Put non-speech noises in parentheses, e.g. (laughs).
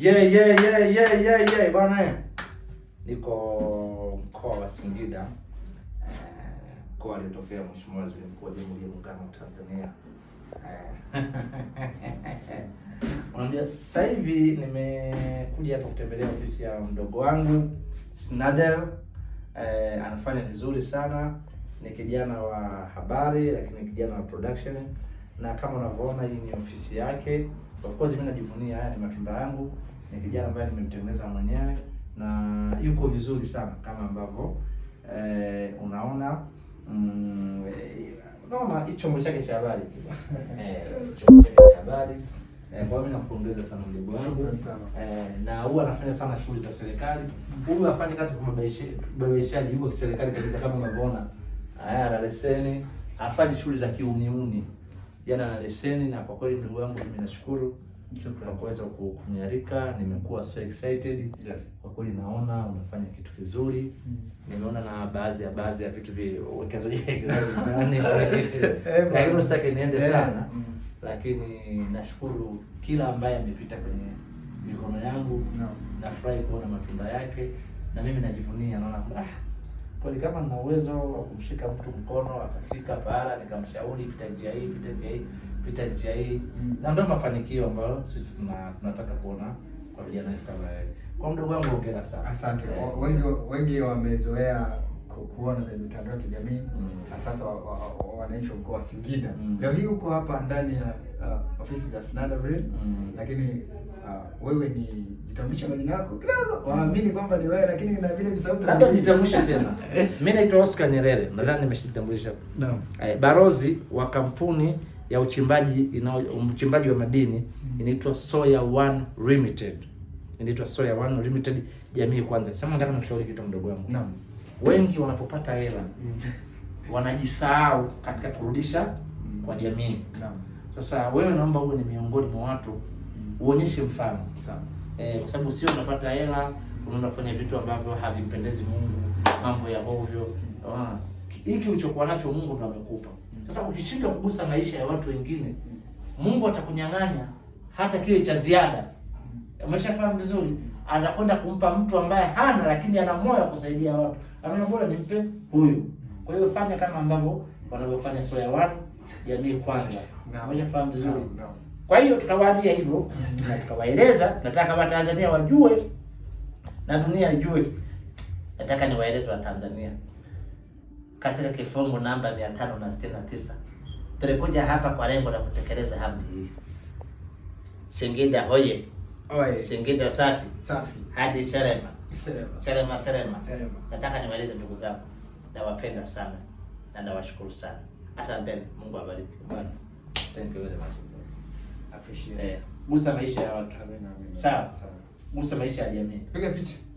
Yeah, yeah, yeah, yeah, yeah, yeah. niko mkoa wa Singida, eh, mkoa eh, aliyotokea Mheshimiwa Waziri Mkuu wa Jamhuri ya Muungano wa Tanzania. Eh, (laughs) unajua, sasa hivi nimekuja hapa kutembelea ofisi ya mdogo wangu Snadel. Eh, anafanya vizuri sana, ni kijana wa habari lakini kijana wa production, na kama unavyoona hii ni ofisi yake. Of course mimi najivunia, haya ni matunda yangu ni kijana ambaye nimemtengeneza mwenyewe na yuko vizuri sana kama ambavyo eh, unaona mm, unaona chombo chake cha habari (laughs) eh, chombo chake cha habari eh, kwa mimi nakupongeza sana mdogo wangu sana. eh, na huwa anafanya sana shughuli za serikali. Huyu afanye kazi kwa mabaishaji, yuko kiserikali kabisa, kama unavyoona. Haya, ana leseni, afanye shughuli za kiuniuni, yana yaani leseni. Na kwa kweli mdogo wangu, mimi nashukuru Shukrani kwa kuweza kunialika, nimekuwa so excited. Yes. Kwa kweli naona unafanya kitu kizuri. Mm. Nimeona na baadhi ya baadhi ya vitu viwekezaji fulani. Kwa (laughs) (laughs) hiyo sitaki niende sana. Mm. Lakini nashukuru kila ambaye amepita kwenye mikono yangu. No. Nafurahi kuona matunda yake na mimi najivunia, naona ah, kweli kama nina uwezo wa kumshika mtu mkono akafika pahala nikamshauri pita njia hii, pita njia hii kupita njia hii mm. na ndio mafanikio ambayo sisi tunataka kuona kwa vijana wetu kama wewe. Kwa mdogo wangu, hongera sana, asante yeah. Wengi wengi wamezoea kuona kwenye mitandao ya kijamii mm. na mm. sasa wanaishi mkoa wa Singida. Mm. Leo hii uko hapa ndani ya uh, ofisi za Snada mm. lakini uh, wewe ni jitambulisha majina yako kidogo, waamini kwamba ni wewe, lakini na vile visauti. Hata jitambulisha tena. (laughs) Mimi naitwa Oscar Nyerere, nadhani nimeshitambulisha. Naam, No. Eh, barozi wa kampuni ya uchimbaji inao, uchimbaji wa madini inaitwa Soya One Limited, inaitwa Soya One Limited. Jamii kwanza, sema nataka nimshauri kitu mdogo wangu. Naam, wengi wanapopata hela mm-hmm. wanajisahau katika kurudisha mm. kwa jamii. Naam, sasa wewe naomba uwe ni miongoni mwa watu mm. uonyeshe mfano sawa, eh, kwa sababu sio unapata hela unaenda kufanya vitu ambavyo havimpendezi Mungu, mambo ya ovyo mm. ah hiki ulichokuwa nacho Mungu ndo amekupa. Sasa ukishindwa kugusa maisha ya watu wengine, Mungu atakunyang'anya hata kile cha ziada. Umeshafahamu vizuri? Anakwenda kumpa mtu ambaye hana, lakini ana moyo wa kusaidia watu, anaona bora nimpe huyu. Kwa hiyo fanya kama ambavyo wanavyofanya Soya One, jamii kwanza. Umeshafahamu vizuri? Kwa hiyo tutawaambia hivyo na tutawaeleza, tunataka Watanzania wajue na dunia ijue. Nataka niwaeleze Watanzania katika kifungu namba 569. Tulikuja hapa kwa lengo la kutekeleza hamdi hii. Singida hoye. Oye. Singida safi. Safi. Hadi Serema. Serema. Serema Serema. Nataka nimalize ndugu zangu. Nawapenda sana na nawashukuru sana. asante. Mungu awabariki. Bwana. Thank you very much. Appreciate. Eh, Musa maisha ya watu. Amen. Sawa. Sawa. Musa maisha ya jamii. Piga picha.